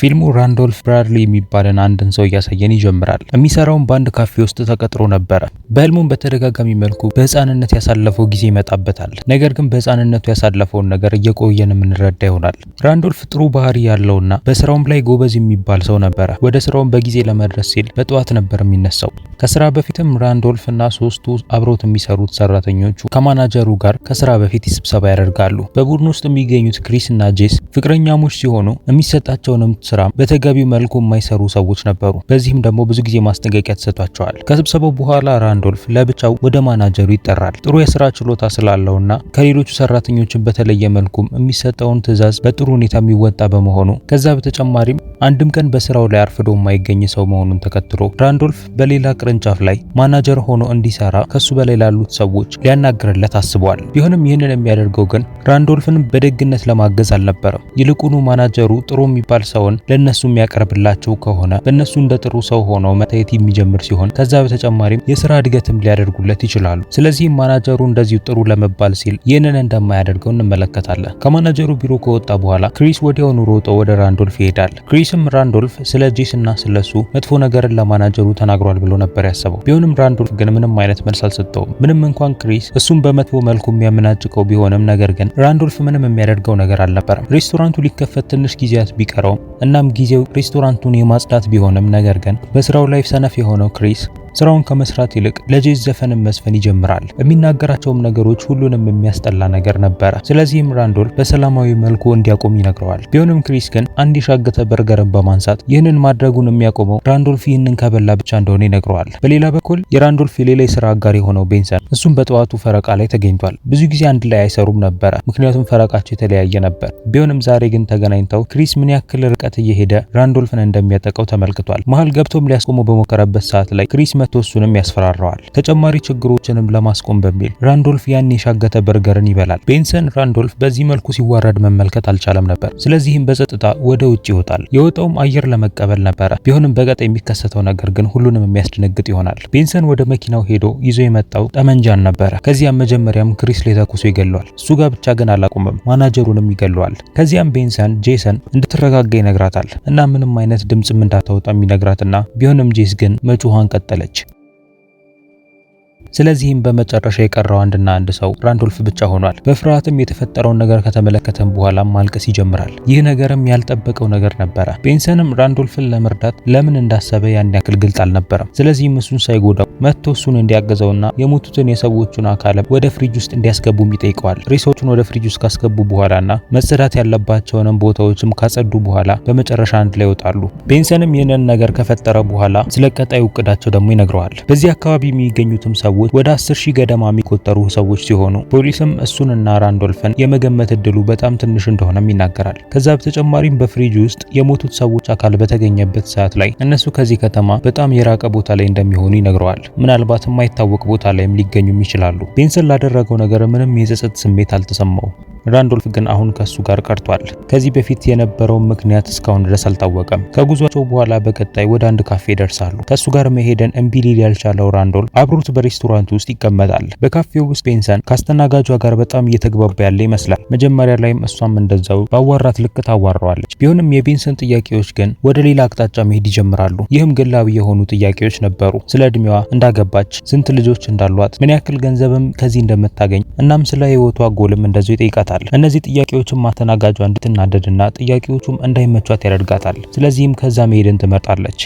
ፊልሙ ራንዶልፍ ብራድሊ የሚባለን አንድን ሰው እያሳየን ይጀምራል። የሚሰራውን በአንድ ካፌ ውስጥ ተቀጥሮ ነበረ። በህልሙም በተደጋጋሚ መልኩ በህፃንነት ያሳለፈው ጊዜ ይመጣበታል። ነገር ግን በህፃንነቱ ያሳለፈውን ነገር እየቆየን የምንረዳ ይሆናል። ራንዶልፍ ጥሩ ባህሪ ያለውና በስራውም ላይ ጎበዝ የሚባል ሰው ነበረ። ወደ ስራውን በጊዜ ለመድረስ ሲል በጠዋት ነበር የሚነሳው። ከስራ በፊትም ራንዶልፍ እና ሶስቱ አብሮት የሚሰሩት ሰራተኞቹ ከማናጀሩ ጋር ከስራ በፊት ስብሰባ ያደርጋሉ። በቡድን ውስጥ የሚገኙት ክሪስ እና ጄስ ፍቅረኛሞች ሲሆኑ የሚሰጣቸውንም የሚሰሩት ስራ በተገቢው መልኩ የማይሰሩ ሰዎች ነበሩ። በዚህም ደግሞ ብዙ ጊዜ ማስጠንቀቂያ ተሰጥቷቸዋል። ከስብሰባው በኋላ ራንዶልፍ ለብቻው ወደ ማናጀሩ ይጠራል። ጥሩ የስራ ችሎታ ስላለውና ከሌሎቹ ሰራተኞችን በተለየ መልኩም የሚሰጠውን ትዕዛዝ በጥሩ ሁኔታ የሚወጣ በመሆኑ ከዛ በተጨማሪም አንድም ቀን በስራው ላይ አርፍዶ የማይገኝ ሰው መሆኑን ተከትሎ ራንዶልፍ በሌላ ቅርንጫፍ ላይ ማናጀር ሆኖ እንዲሰራ ከሱ በላይ ላሉት ሰዎች ሊያናግርለት አስቧል። ቢሆንም ይህንን የሚያደርገው ግን ራንዶልፍን በደግነት ለማገዝ አልነበረም። ይልቁኑ ማናጀሩ ጥሩ የሚባል ሰውን ሲሆን ለእነሱ የሚያቀርብላቸው ከሆነ በእነሱ እንደ ጥሩ ሰው ሆኖ መታየት የሚጀምር ሲሆን ከዛ በተጨማሪም የስራ እድገትም ሊያደርጉለት ይችላሉ። ስለዚህም ማናጀሩ እንደዚሁ ጥሩ ለመባል ሲል ይህንን እንደማያደርገው እንመለከታለን። ከማናጀሩ ቢሮ ከወጣ በኋላ ክሪስ ወዲያውኑ ሮጦ ወደ ራንዶልፍ ይሄዳል። ክሪስም ራንዶልፍ ስለ ጄስ እና ስለሱ መጥፎ ነገርን ለማናጀሩ ተናግሯል ብሎ ነበር ያሰበው። ቢሆንም ራንዶልፍ ግን ምንም አይነት መልስ አልሰጠውም። ምንም እንኳን ክሪስ እሱም በመጥፎ መልኩ የሚያመናጭቀው ቢሆንም ነገር ግን ራንዶልፍ ምንም የሚያደርገው ነገር አልነበረም። ሬስቶራንቱ ሊከፈት ትንሽ ጊዜያት ቢቀረውም እናም ጊዜው ሬስቶራንቱን የማጽዳት ቢሆንም ነገር ግን በስራው ላይ ሰነፍ የሆነው ክሪስ ስራውን ከመስራት ይልቅ ለጄዝ ዘፈንን መስፈን ይጀምራል። የሚናገራቸውም ነገሮች ሁሉንም የሚያስጠላ ነገር ነበረ። ስለዚህም ራንዶል በሰላማዊ መልኩ እንዲያቆም ይነግረዋል። ቢሆንም ክሪስ ግን አንድ የሻገተ በርገርን በማንሳት ይህንን ማድረጉን የሚያቆመው ራንዶልፍ ይህንን ከበላ ብቻ እንደሆነ ይነግረዋል። በሌላ በኩል የራንዶልፍ የሌላ የስራ አጋር የሆነው ቤንሰን እሱም በጠዋቱ ፈረቃ ላይ ተገኝቷል። ብዙ ጊዜ አንድ ላይ አይሰሩም ነበረ፣ ምክንያቱም ፈረቃቸው የተለያየ ነበር። ቢሆንም ዛሬ ግን ተገናኝተው ክሪስ ምን ያክል ርቀት እየሄደ ራንዶልፍን እንደሚያጠቀው ተመልክቷል። መሀል ገብቶም ሊያስቆመው በሞከረበት ሰዓት ላይ ክሪስ መቶ እሱንም ያስፈራረዋል። ተጨማሪ ችግሮችንም ለማስቆም በሚል ራንዶልፍ ያን የሻገተ በርገርን ይበላል። ቤንሰን ራንዶልፍ በዚህ መልኩ ሲዋረድ መመልከት አልቻለም ነበር። ስለዚህም በጸጥታ ወደ ውጭ ይወጣል። የወጣውም አየር ለመቀበል ነበረ። ቢሆንም በቀጥ የሚከሰተው ነገር ግን ሁሉንም የሚያስደነግጥ ይሆናል። ቤንሰን ወደ መኪናው ሄዶ ይዞ የመጣው ጠመንጃን ነበረ። ከዚያም መጀመሪያም ክሪስ ተኩሶ ይገለዋል። እሱ ጋር ብቻ ግን አላቁምም፣ ማናጀሩንም ይገለዋል። ከዚያም ቤንሰን ጄሰን እንድትረጋጋ ይነግራታል እና ምንም አይነት ድምፅም እንዳታወጣም ይነግራትና ቢሆንም ጄስ ግን መጮኋን ቀጠለች። ስለዚህም በመጨረሻ የቀረው አንድና አንድ ሰው ራንዶልፍ ብቻ ሆኗል። በፍርሃትም የተፈጠረውን ነገር ከተመለከተም በኋላም ማልቀስ ይጀምራል። ይህ ነገርም ያልጠበቀው ነገር ነበረ። ቤንሰንም ራንዶልፍን ለመርዳት ለምን እንዳሰበ ያን ያክል ግልጽ አልነበረም። ስለዚህም እሱን ሳይጎዳው መጥቶ እሱን እንዲያገዘውና የሞቱትን የሰዎቹን አካል ወደ ፍሪጅ ውስጥ እንዲያስገቡም ይጠይቀዋል። ሬሶቹን ወደ ፍሪጅ ውስጥ ካስገቡ በኋላና መጽዳት ያለባቸውንም ቦታዎችም ካጸዱ በኋላ በመጨረሻ አንድ ላይ ይወጣሉ። ቤንሰንም ይህንን ነገር ከፈጠረ በኋላ ስለ ቀጣዩ እቅዳቸው ደግሞ ይነግረዋል። በዚህ አካባቢ የሚገኙትም ሰዎች ሰዎች ወደ 10 ሺህ ገደማ የሚቆጠሩ ሰዎች ሲሆኑ ፖሊስም እሱንና ራንዶልፍን የመገመት እድሉ በጣም ትንሽ እንደሆነም ይናገራል። ከዛ በተጨማሪም በፍሪጅ ውስጥ የሞቱት ሰዎች አካል በተገኘበት ሰዓት ላይ እነሱ ከዚህ ከተማ በጣም የራቀ ቦታ ላይ እንደሚሆኑ ይነግረዋል። ምናልባት የማይታወቅ ቦታ ላይም ሊገኙም ይችላሉ። ቤንሰን ላደረገው ነገር ምንም የጸጸት ስሜት አልተሰማው። ራንዶልፍ ግን አሁን ከሱ ጋር ቀርቷል። ከዚህ በፊት የነበረው ምክንያት እስካሁን ድረስ አልታወቀም። ከጉዟቸው በኋላ በቀጣይ ወደ አንድ ካፌ ይደርሳሉ። ከሱ ጋር መሄደን እምቢ ሊል ያልቻለው ራንዶልፍ አብሮት በሬስቶራንት ውስጥ ይቀመጣል። በካፌው ውስጥ ቤንሰን ከአስተናጋጇ ጋር በጣም እየተግባባ ያለ ይመስላል። መጀመሪያ ላይም እሷም እንደዛው ባዋራት ልክ ታዋራዋለች። ቢሆንም የቤንሰን ጥያቄዎች ግን ወደ ሌላ አቅጣጫ መሄድ ይጀምራሉ። ይህም ግላዊ የሆኑ ጥያቄዎች ነበሩ። ስለ እድሜዋ፣ እንዳገባች፣ ስንት ልጆች እንዳሏት፣ ምን ያክል ገንዘብም ከዚህ እንደምታገኝ እናም ስለ ህይወቷ ጎልም እንደዚሁ ይጠይቃታል። ይጠይቃታል። እነዚህ ጥያቄዎችን ማስተናጋጇ እንድትናደድና ጥያቄዎቹም እንዳይመቿት ያደርጋታል። ስለዚህም ከዛ መሄድን ትመርጣለች።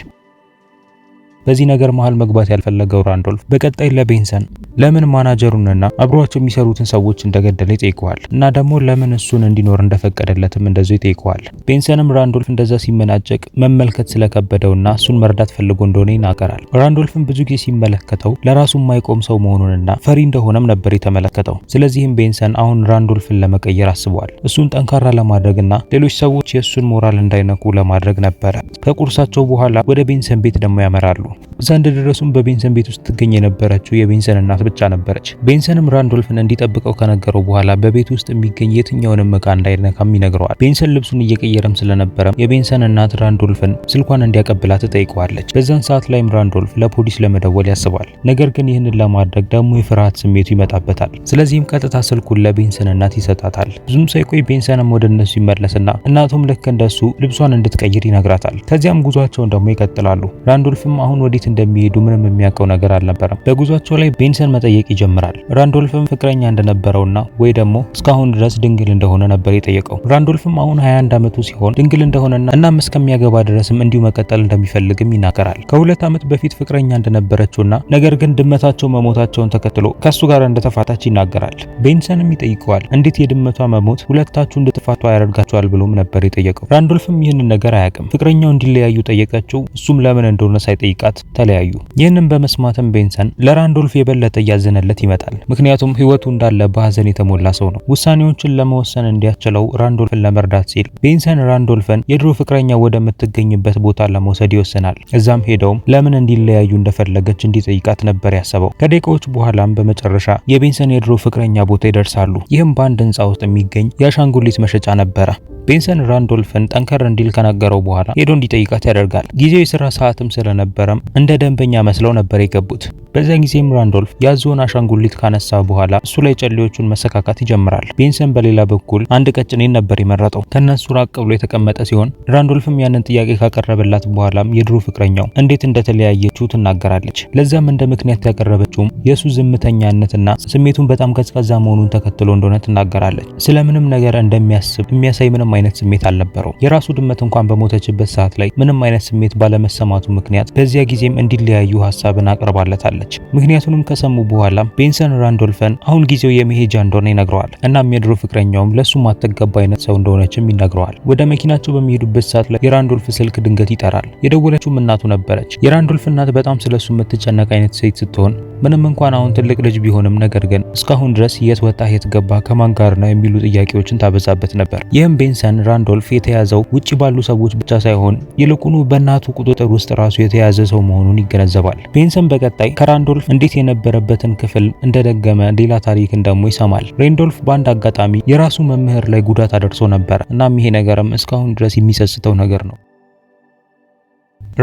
በዚህ ነገር መሃል መግባት ያልፈለገው ራንዶልፍ በቀጣይ ለቤንሰን ለምን ማናጀሩንና አብሯቸው የሚሰሩትን ሰዎች እንደገደለ ይጠይቀዋል እና ደግሞ ለምን እሱን እንዲኖር እንደፈቀደለትም እንደዚሁ ይጠይቀዋል። ቤንሰንም ራንዶልፍ እንደዛ ሲመናጨቅ መመልከት ስለከበደውና እሱን መርዳት ፈልጎ እንደሆነ ይናገራል። ራንዶልፍም ብዙ ጊዜ ሲመለከተው ለራሱ የማይቆም ሰው መሆኑንና ፈሪ እንደሆነም ነበር የተመለከተው። ስለዚህም ቤንሰን አሁን ራንዶልፍን ለመቀየር አስቧል። እሱን ጠንካራ ለማድረግና ሌሎች ሰዎች የእሱን ሞራል እንዳይነኩ ለማድረግ ነበረ። ከቁርሳቸው በኋላ ወደ ቤንሰን ቤት ደግሞ ያመራሉ። እዛ እንደደረሱም በቤንሰን ቤት ውስጥ ትገኝ የነበረችው የቤንሰን እናት ብቻ ነበረች። ቤንሰንም ራንዶልፍን እንዲጠብቀው ከነገረው በኋላ በቤት ውስጥ የሚገኝ የትኛውንም እቃ እንዳይነካም ይነግረዋል። ቤንሰን ልብሱን እየቀየረም ስለነበረ የቤንሰን እናት ራንዶልፍን ስልኳን እንዲያቀብላ ትጠይቀዋለች። በዛን ሰዓት ላይም ራንዶልፍ ለፖሊስ ለመደወል ያስባል። ነገር ግን ይህንን ለማድረግ ደግሞ የፍርሃት ስሜቱ ይመጣበታል። ስለዚህም ቀጥታ ስልኩን ለቤንሰን እናት ይሰጣታል። ብዙም ሳይቆይ ቤንሰንም ወደ እነሱ ይመለስና እናቱም ልክ እንደሱ ልብሷን እንድትቀይር ይነግራታል። ከዚያም ጉዟቸውን ደግሞ ይቀጥላሉ። ራንዶልፍም አሁን ወዴት እንደሚሄዱ ምንም የሚያውቀው ነገር አልነበረም። በጉዟቸው ላይ ቤንሰን መጠየቅ ይጀምራል። ራንዶልፍም ፍቅረኛ እንደነበረውና ወይ ደግሞ እስካሁን ድረስ ድንግል እንደሆነ ነበር የጠየቀው። ራንዶልፍም አሁን 21 ዓመቱ ሲሆን ድንግል እንደሆነና እናም እስከሚያገባ ድረስም እንዲሁ መቀጠል እንደሚፈልግም ይናገራል። ከሁለት ዓመት በፊት ፍቅረኛ እንደነበረችውና ነገር ግን ድመታቸው መሞታቸውን ተከትሎ ከሱ ጋር እንደተፋታች ይናገራል። ቤንሰንም ይጠይቀዋል እንዴት የድመቷ መሞት ሁለታችሁ መጥፋቷ ያደርጋቸዋል ብሎም ነበር የጠየቀው። ራንዶልፍም ይህንን ነገር አያውቅም። ፍቅረኛው እንዲለያዩ ጠየቀችው፣ እሱም ለምን እንደሆነ ሳይጠይቃት ተለያዩ። ይህንን በመስማትም ቤንሰን ለራንዶልፍ የበለጠ እያዘነለት ይመጣል። ምክንያቱም ህይወቱ እንዳለ በሀዘን የተሞላ ሰው ነው። ውሳኔዎችን ለመወሰን እንዲያስችለው ራንዶልፍን ለመርዳት ሲል ቤንሰን ራንዶልፍን የድሮ ፍቅረኛ ወደምትገኝበት ቦታ ለመውሰድ ይወስናል። እዛም ሄደውም ለምን እንዲለያዩ እንደፈለገች እንዲጠይቃት ነበር ያሰበው። ከደቂቃዎች በኋላም በመጨረሻ የቤንሰን የድሮ ፍቅረኛ ቦታ ይደርሳሉ። ይህም በአንድ ህንፃ ውስጥ የሚገኝ የአሻንጉሊት መሸ መሸጫ ነበረ። ቤንሰን ራንዶልፍን ጠንከር እንዲል ከነገረው በኋላ ሄዶ እንዲጠይቃት ያደርጋል። ጊዜው የስራ ሰዓትም ስለነበረም እንደ ደንበኛ መስለው ነበር የገቡት። በዛ ጊዜም ራንዶልፍ ያዞን አሻንጉሊት ካነሳ በኋላ እሱ ላይ ጨሌዎቹን መሰካካት ይጀምራል። ቤንሰን በሌላ በኩል አንድ ቀጭኔን ነበር የመረጠው ከነሱ ራቅ ብሎ የተቀመጠ ሲሆን ራንዶልፍም ያንን ጥያቄ ካቀረበላት በኋላም የድሮ ፍቅረኛው እንዴት እንደተለያየችው ትናገራለች። ለዛም እንደ ምክንያት ያቀረበችውም የእሱ ዝምተኛነትና ስሜቱን በጣም ቀዝቃዛ መሆኑን ተከትሎ እንደሆነ ትናገራለች። ስለምንም ነገር እንደሚያስብ የሚያሳይ ምንም አይነት ስሜት አልነበረው። የራሱ ድመት እንኳን በሞተችበት ሰዓት ላይ ምንም አይነት ስሜት ባለመሰማቱ ምክንያት በዚያ ጊዜም እንዲለያዩ ሀሳብን አቅርባለታለች። ምክንያቱንም ከሰሙ በኋላ ቤንሰን ራንዶልፈን አሁን ጊዜው የመሄጃ እንደሆነ ይነግረዋል። እናም የድሮ ፍቅረኛውም ለሱ ማተገባ አይነት ሰው እንደሆነችም ይነግረዋል። ወደ መኪናቸው በሚሄዱበት ሰዓት ላይ የራንዶልፍ ስልክ ድንገት ይጠራል። የደወለችውም እናቱ ነበረች። የራንዶልፍ እናት በጣም ስለሱ የምትጨነቅ አይነት ሴት ስትሆን ምንም እንኳን አሁን ትልቅ ልጅ ቢሆንም ነገር ግን እስካሁን ድረስ የት ወጣ የት ገባ ከማን ጋር ነው የሚሉ ጥያቄዎችን ታበዛበት ነበር። ይህም ቤንሰን ሰን ራንዶልፍ የተያዘው ውጭ ባሉ ሰዎች ብቻ ሳይሆን ይልቁኑ በእናቱ ቁጥጥር ውስጥ ራሱ የተያዘ ሰው መሆኑን ይገነዘባል። ቤንሰን በቀጣይ ከራንዶልፍ እንዴት የነበረበትን ክፍል እንደደገመ ሌላ ታሪክን ደግሞ ይሰማል። ሬንዶልፍ በአንድ አጋጣሚ የራሱ መምህር ላይ ጉዳት አደርሶ ነበር። እናም ይሄ ነገርም እስካሁን ድረስ የሚሰስተው ነገር ነው።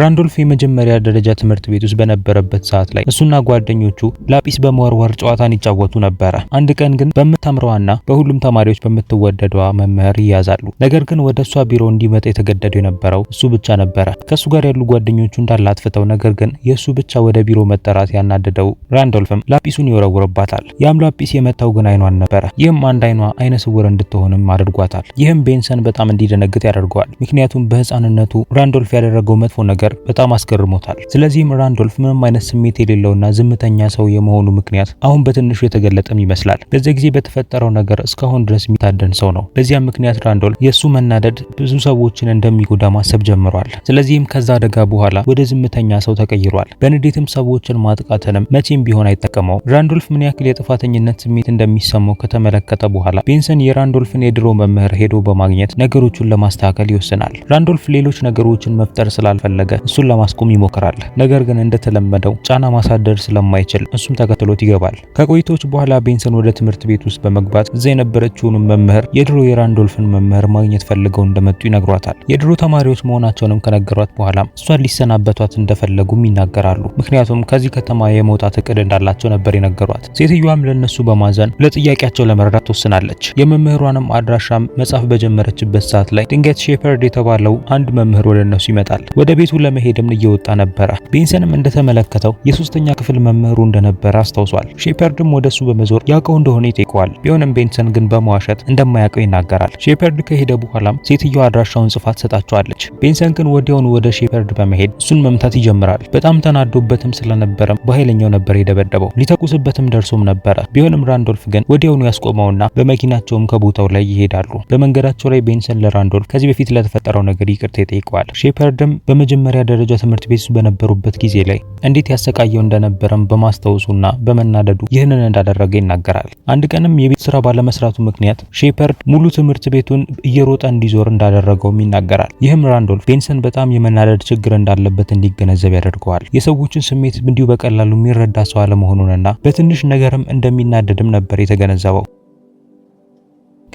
ራንዶልፍ የመጀመሪያ ደረጃ ትምህርት ቤት ውስጥ በነበረበት ሰዓት ላይ እሱና ጓደኞቹ ላጲስ በመወርወር ጨዋታን ይጫወቱ ነበረ። አንድ ቀን ግን በምታምረዋና በሁሉም ተማሪዎች በምትወደደዋ መምህር ይያዛሉ። ነገር ግን ወደ እሷ ቢሮ እንዲመጣ የተገደደው የነበረው እሱ ብቻ ነበረ። ከእሱ ጋር ያሉ ጓደኞቹ እንዳለ አጥፍተው፣ ነገር ግን የእሱ ብቻ ወደ ቢሮ መጠራት ያናደደው ራንዶልፍም ላጲሱን ይወረውርባታል። ያም ላጲስ የመታው ግን አይኗን ነበረ። ይህም አንድ አይኗ አይነ ስውር እንድትሆንም አድርጓታል። ይህም ቤንሰን በጣም እንዲደነግጥ ያደርገዋል። ምክንያቱም በህፃንነቱ ራንዶልፍ ያደረገው መጥፎ ነገር ነገር በጣም አስገርሞታል። ስለዚህም ራንዶልፍ ምንም አይነት ስሜት የሌለውና ዝምተኛ ሰው የመሆኑ ምክንያት አሁን በትንሹ የተገለጠም ይመስላል። በዚያ ጊዜ በተፈጠረው ነገር እስካሁን ድረስ የሚታደን ሰው ነው። በዚያም ምክንያት ራንዶልፍ የእሱ መናደድ ብዙ ሰዎችን እንደሚጎዳ ማሰብ ጀምሯል። ስለዚህም ከዛ አደጋ በኋላ ወደ ዝምተኛ ሰው ተቀይሯል። በንዴትም ሰዎችን ማጥቃትንም መቼም ቢሆን አይጠቀመው። ራንዶልፍ ምን ያክል የጥፋተኝነት ስሜት እንደሚሰማው ከተመለከተ በኋላ ቤንሰን የራንዶልፍን የድሮ መምህር ሄዶ በማግኘት ነገሮቹን ለማስተካከል ይወስናል። ራንዶልፍ ሌሎች ነገሮችን መፍጠር ስላልፈለገ እየፈለገ እሱን ለማስቆም ይሞክራል። ነገር ግን እንደተለመደው ጫና ማሳደር ስለማይችል እሱም ተከትሎት ይገባል። ከቆይቶች በኋላ ቤንሰን ወደ ትምህርት ቤት ውስጥ በመግባት እዛ የነበረችውን መምህር የድሮ የራንዶልፍን መምህር ማግኘት ፈልገው እንደመጡ ይነግሯታል። የድሮ ተማሪዎች መሆናቸውንም ከነገሯት በኋላ እሷን ሊሰናበቷት እንደፈለጉም ይናገራሉ። ምክንያቱም ከዚህ ከተማ የመውጣት እቅድ እንዳላቸው ነበር የነገሯት። ሴትዮዋም ለነሱ በማዘን ለጥያቄያቸው ለመረዳት ትወስናለች። የመምህሯንም አድራሻ መጻፍ በጀመረችበት ሰዓት ላይ ድንገት ሼፐርድ የተባለው አንድ መምህር ወደ እነሱ ይመጣል። ወደ ቤቱ ለመሄድም እየወጣ ነበረ። ቤንሰንም እንደተመለከተው የሶስተኛ ክፍል መምህሩ እንደነበረ አስታውሷል። ሼፐርድም ወደሱ በመዞር ያውቀው እንደሆነ ይጠይቀዋል። ቢሆንም ቤንሰን ግን በመዋሸት እንደማያውቀው ይናገራል። ሼፐርድ ከሄደ በኋላም ሴትዮዋ አድራሻውን ጽፋት ሰጣቸዋለች። ቤንሰን ግን ወዲያውኑ ወደ ሼፐርድ በመሄድ እሱን መምታት ይጀምራል። በጣም ተናዶበትም ስለነበረም በኃይለኛው ነበር የደበደበው። ሊተኩስበትም ደርሶም ነበረ። ቢሆንም ራንዶልፍ ግን ወዲያውኑ ያስቆመውና በመኪናቸውም ከቦታው ላይ ይሄዳሉ። በመንገዳቸው ላይ ቤንሰን ለራንዶልፍ ከዚህ በፊት ለተፈጠረው ነገር ይቅርታ ይጠይቀዋል። ሼፐርድም በመጀመ የመጀመሪያ ደረጃ ትምህርት ቤት በነበሩበት ጊዜ ላይ እንዴት ያሰቃየው እንደነበረም በማስታወሱና በመናደዱ ይህንን እንዳደረገ ይናገራል። አንድ ቀንም የቤት ስራ ባለመስራቱ ምክንያት ሼፐርድ ሙሉ ትምህርት ቤቱን እየሮጠ እንዲዞር እንዳደረገውም ይናገራል። ይህም ራንዶልፍ ቤንሰን በጣም የመናደድ ችግር እንዳለበት እንዲገነዘብ ያደርገዋል። የሰዎችን ስሜት እንዲሁ በቀላሉ የሚረዳ ሰው አለመሆኑንና በትንሽ ነገርም እንደሚናደድም ነበር የተገነዘበው።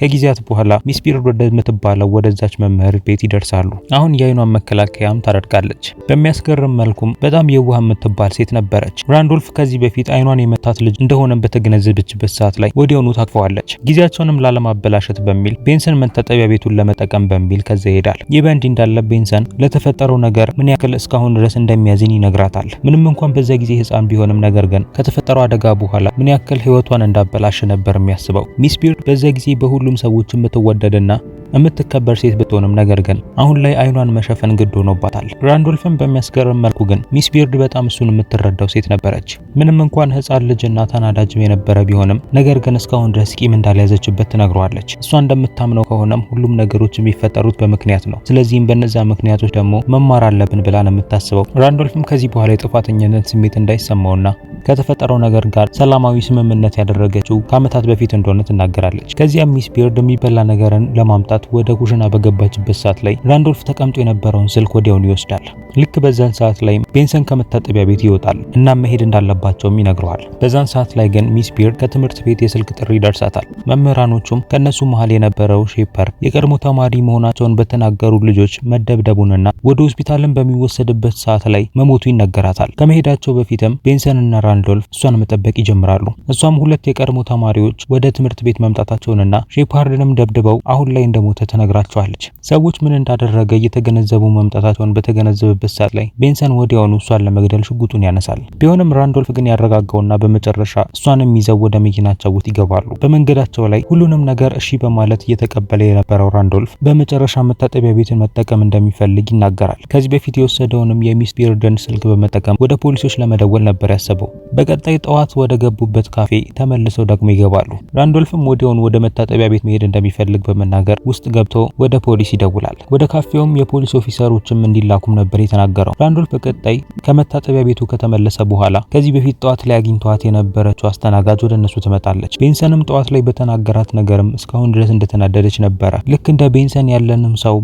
ከጊዜያት በኋላ ሚስ ፒሪድ ወደምትባለው ወደዛች መምህር ቤት ይደርሳሉ። አሁን የአይኗን መከላከያም ታደርጋለች። በሚያስገርም መልኩም በጣም የዋህ የምትባል ሴት ነበረች። ራንዶልፍ ከዚህ በፊት አይኗን የመታት ልጅ እንደሆነ በተገነዘበችበት ሰዓት ላይ ወዲያውኑ ታቅፈዋለች። ጊዜያቸውንም ላለማበላሸት በሚል ቤንሰን መታጠቢያ ቤቱን ለመጠቀም በሚል ከዛ ይሄዳል። ይህ በእንዲህ እንዳለ ቤንሰን ለተፈጠረው ነገር ምን ያክል እስካሁን ድረስ እንደሚያዝን ይነግራታል። ምንም እንኳን በዛ ጊዜ ህፃን ቢሆንም ነገር ግን ከተፈጠረው አደጋ በኋላ ምን ያክል ህይወቷን እንዳበላሸ ነበር የሚያስበው። ሚስ ፒሪድ በዛ ጊዜ በሁሉ ሁሉም ሰዎች የምትወደድና የምትከበር ሴት ብትሆንም ነገር ግን አሁን ላይ አይኗን መሸፈን ግድ ሆኖባታል። ራንዶልፍን በሚያስገርም መልኩ ግን ሚስ ቢርድ በጣም እሱን የምትረዳው ሴት ነበረች። ምንም እንኳን ሕፃን ልጅና ተናዳጅም የነበረ ቢሆንም ነገር ግን እስካሁን ድረስ ቂም እንዳልያዘችበት ትነግረዋለች። እሷ እንደምታምነው ከሆነም ሁሉም ነገሮች የሚፈጠሩት በምክንያት ነው። ስለዚህም በነዛ ምክንያቶች ደግሞ መማር አለብን ብላ ነው የምታስበው። ራንዶልፍም ከዚህ በኋላ የጥፋተኝነት ስሜት እንዳይሰማውና ከተፈጠረው ነገር ጋር ሰላማዊ ስምምነት ያደረገችው ከዓመታት በፊት እንደሆነ ትናገራለች። ከዚያም ሚስ ቢርድ የሚበላ ነገርን ለማምጣት ሰዓት ወደ ኩሽና በገባችበት ሰዓት ላይ ራንዶልፍ ተቀምጦ የነበረውን ስልክ ወዲያውኑ ይወስዳል። ልክ በዛን ሰዓት ላይ ቤንሰን ከመታጠቢያ ቤት ይወጣል እና መሄድ እንዳለባቸውም ይነግረዋል። በዛን ሰዓት ላይ ግን ሚስ ቢርድ ከትምህርት ቤት የስልክ ጥሪ ይደርሳታል። መምህራኖቹም ከነሱ መሃል የነበረው ሼፐር የቀድሞ ተማሪ መሆናቸውን በተናገሩ ልጆች መደብደቡንና ወደ ሆስፒታልን በሚወሰድበት ሰዓት ላይ መሞቱ ይነገራታል። ከመሄዳቸው በፊትም ቤንሰን እና ራንዶልፍ እሷን መጠበቅ ይጀምራሉ። እሷም ሁለት የቀድሞ ተማሪዎች ወደ ትምህርት ቤት መምጣታቸውንና ሼፓርድንም ደብድበው አሁን ላይ እንደሞ እንደሞተ ትነግራቸዋለች። ሰዎች ምን እንዳደረገ እየተገነዘቡ መምጣታቸውን በተገነዘበበት ሰዓት ላይ ቤንሰን ወዲያውኑ እሷን ለመግደል ሽጉጡን ያነሳል። ቢሆንም ራንዶልፍ ግን ያረጋጋውና በመጨረሻ እሷንም ይዘው ወደ መኪናቸው ውስጥ ይገባሉ። በመንገዳቸው ላይ ሁሉንም ነገር እሺ በማለት እየተቀበለ የነበረው ራንዶልፍ በመጨረሻ መታጠቢያ ቤትን መጠቀም እንደሚፈልግ ይናገራል። ከዚህ በፊት የወሰደውንም የሚስ ቢርደን ስልክ በመጠቀም ወደ ፖሊሶች ለመደወል ነበር ያሰበው። በቀጣይ ጠዋት ወደ ገቡበት ካፌ ተመልሰው ደግሞ ይገባሉ። ራንዶልፍም ወዲያውኑ ወደ መታጠቢያ ቤት መሄድ እንደሚፈልግ በመናገር ውስጥ ገብቶ ወደ ፖሊስ ይደውላል። ወደ ካፌውም የፖሊስ ኦፊሰሮችም እንዲላኩም ነበር የተናገረው። ራንዶልፍ በቀጣይ ከመታጠቢያ ቤቱ ከተመለሰ በኋላ ከዚህ በፊት ጠዋት ላይ አግኝቷት የነበረችው አስተናጋጅ ወደ እነሱ ትመጣለች። ቤንሰንም ጠዋት ላይ በተናገራት ነገርም እስካሁን ድረስ እንደተናደደች ነበረ። ልክ እንደ ቤንሰን ያለንም ሰው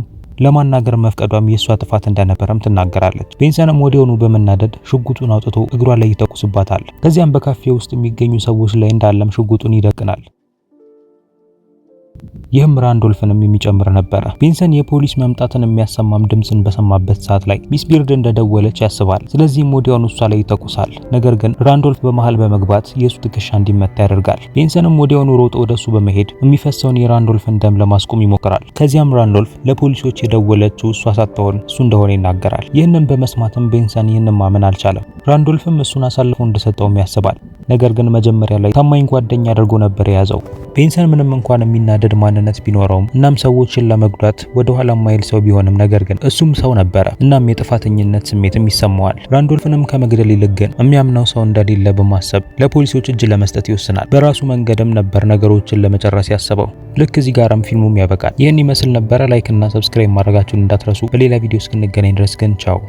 ለማናገር መፍቀዷም የእሷ ጥፋት እንደነበረም ትናገራለች። ቤንሰንም ወዲያውኑ በመናደድ ሽጉጡን አውጥቶ እግሯ ላይ ይተኩስባታል። ከዚያም በካፌ ውስጥ የሚገኙ ሰዎች ላይ እንዳለም ሽጉጡን ይደቅናል። ይህም ራንዶልፍንም የሚጨምር ነበረ። ቤንሰን የፖሊስ መምጣትን የሚያሰማም ድምፅን በሰማበት ሰዓት ላይ ቢስቢርድ እንደደወለች ያስባል። ስለዚህም ወዲያውኑ እሷ ላይ ይተኩሳል። ነገር ግን ራንዶልፍ በመሃል በመግባት የእሱ ትከሻ እንዲመታ ያደርጋል። ቪንሰንም ወዲያውኑ ሮጦ ወደ እሱ በመሄድ የሚፈሰውን የራንዶልፍን ደም ለማስቆም ይሞክራል። ከዚያም ራንዶልፍ ለፖሊሶች የደወለችው እሷ ሳትሆን እሱ እንደሆነ ይናገራል። ይህንን በመስማትም ቤንሰን ይህንን ማመን አልቻለም። ራንዶልፍም እሱን አሳልፎ እንደሰጠውም ያስባል። ነገር ግን መጀመሪያ ላይ ታማኝ ጓደኛ አድርጎ ነበር የያዘው። ቤንሰን ምንም እንኳን የሚናደድ ማንነት ቢኖረውም እናም ሰዎችን ለመጉዳት ወደ ኋላ ማይል ሰው ቢሆንም ነገር ግን እሱም ሰው ነበረ። እናም የጥፋተኝነት ስሜትም ይሰማዋል። ራንዶልፍንም ከመግደል ይልቅ ግን የሚያምነው ሰው እንደሌለ በማሰብ ለፖሊሶች እጅ ለመስጠት ይወስናል። በራሱ መንገድም ነበር ነገሮችን ለመጨረስ ያሰበው። ልክ እዚህ ጋራም ፊልሙም ያበቃል። ይህን ይመስል ነበረ። ላይክ እና ሰብስክራይብ ማድረጋችሁን እንዳትረሱ። በሌላ ቪዲዮ እስክንገናኝ ድረስ ግን ቻው።